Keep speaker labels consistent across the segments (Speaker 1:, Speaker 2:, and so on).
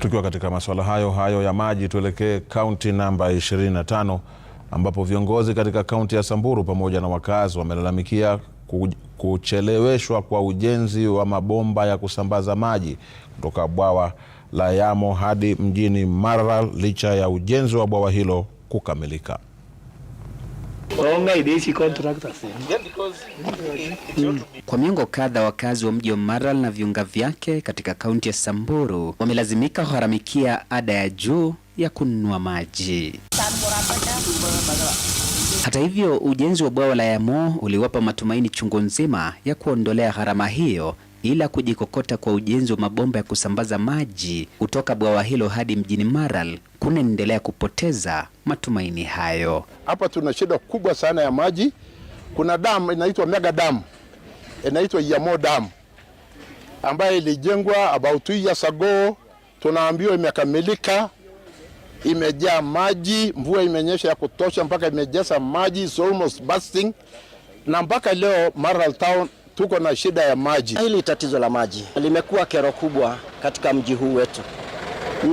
Speaker 1: Tukiwa katika masuala hayo hayo ya maji, tuelekee kaunti namba 25 ambapo viongozi katika kaunti ya Samburu pamoja na wakazi wamelalamikia kucheleweshwa kwa ujenzi wa mabomba ya kusambaza maji kutoka bwawa la Yamo hadi mjini Maralal licha ya ujenzi wa bwawa hilo kukamilika.
Speaker 2: Eh?
Speaker 3: Kwa miongo kadha wakazi wa mji wa Maralal na viunga vyake katika kaunti ya Samburu wamelazimika kugharamikia ada ya juu ya kununua maji. Hata hivyo, ujenzi wa bwawa la yamo uliwapa matumaini chungu nzima ya kuondolea gharama hiyo, ila kujikokota kwa ujenzi wa mabomba ya kusambaza maji kutoka bwawa hilo hadi mjini Maralal kunaendelea kupoteza matumaini hayo.
Speaker 4: Hapa tuna shida kubwa sana ya maji. Kuna damu inaitwa mega damu, inaitwa Yamo damu ambayo ilijengwa about two years ago, tunaambiwa imekamilika imejaa maji, mvua imenyesha ya kutosha mpaka imejaza maji, it's almost bursting, na mpaka leo Maral Town tuko na shida ya maji.
Speaker 5: Hili tatizo la maji limekuwa kero kubwa katika mji huu wetu,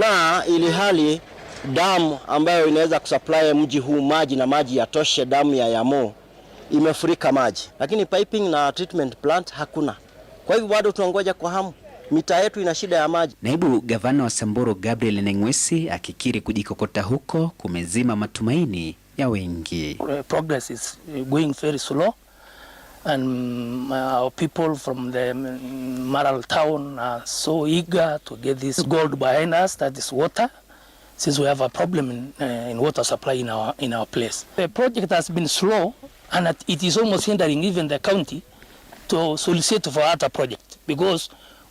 Speaker 5: na ili hali damu ambayo inaweza kusupply mji huu maji na maji yatoshe, damu ya Yamo imefurika maji, lakini piping na treatment plant hakuna. Kwa hivyo bado tunangoja kwa hamu. Mitaa yetu ina shida ya maji.
Speaker 3: Naibu gavana wa Samburu Gabriel Neng'wesi akikiri kujikokota huko kumezima matumaini ya wengi.
Speaker 6: Progress is going very slow and mm, our people from the mm, Maral town are so eager to get this gold behind us that is water since we have a problem in, uh, in water supply in our, in our place. The project has been slow and it is almost hindering even the county to solicit for other project because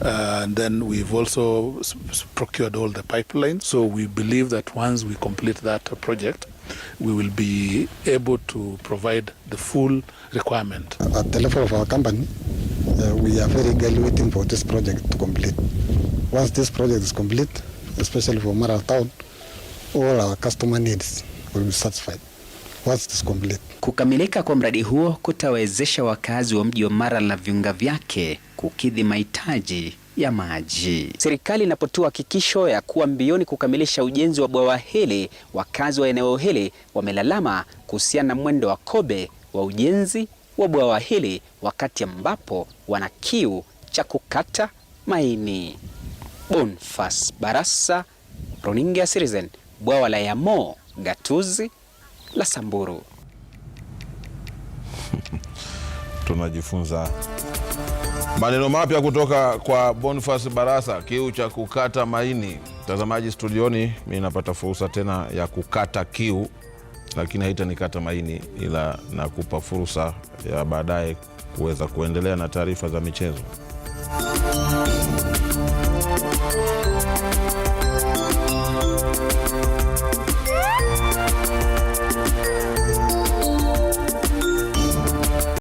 Speaker 7: and then we've also procured all the pipelines. So we believe that once we complete that project, we will be able to provide the full requirement.
Speaker 8: At the level of our company, uh, we are very eagerly waiting for this project to complete. Once this project is complete, especially for Mara Town, all our customer needs will be satisfied.
Speaker 3: Kukamilika kwa mradi huo kutawezesha wakazi wa mji wa Mara na viunga vyake kukidhi mahitaji ya maji. Serikali inapotoa hakikisho ya kuwa mbioni kukamilisha ujenzi wa bwawa hili, wakazi wa eneo hili wamelalama kuhusiana na mwendo wa kobe wa ujenzi wa bwawa hili, wakati ambapo wana kiu cha kukata maini. Bonfas Barasa, Runinga Citizen, bwawa la Yamo, gatuzi la Samburu.
Speaker 1: Tunajifunza maneno mapya kutoka kwa Boniface Barasa. Kiu cha kukata maini. Mtazamaji studioni, mi napata fursa tena ya kukata kiu, lakini haitanikata maini, ila nakupa fursa ya baadaye kuweza kuendelea na taarifa za michezo.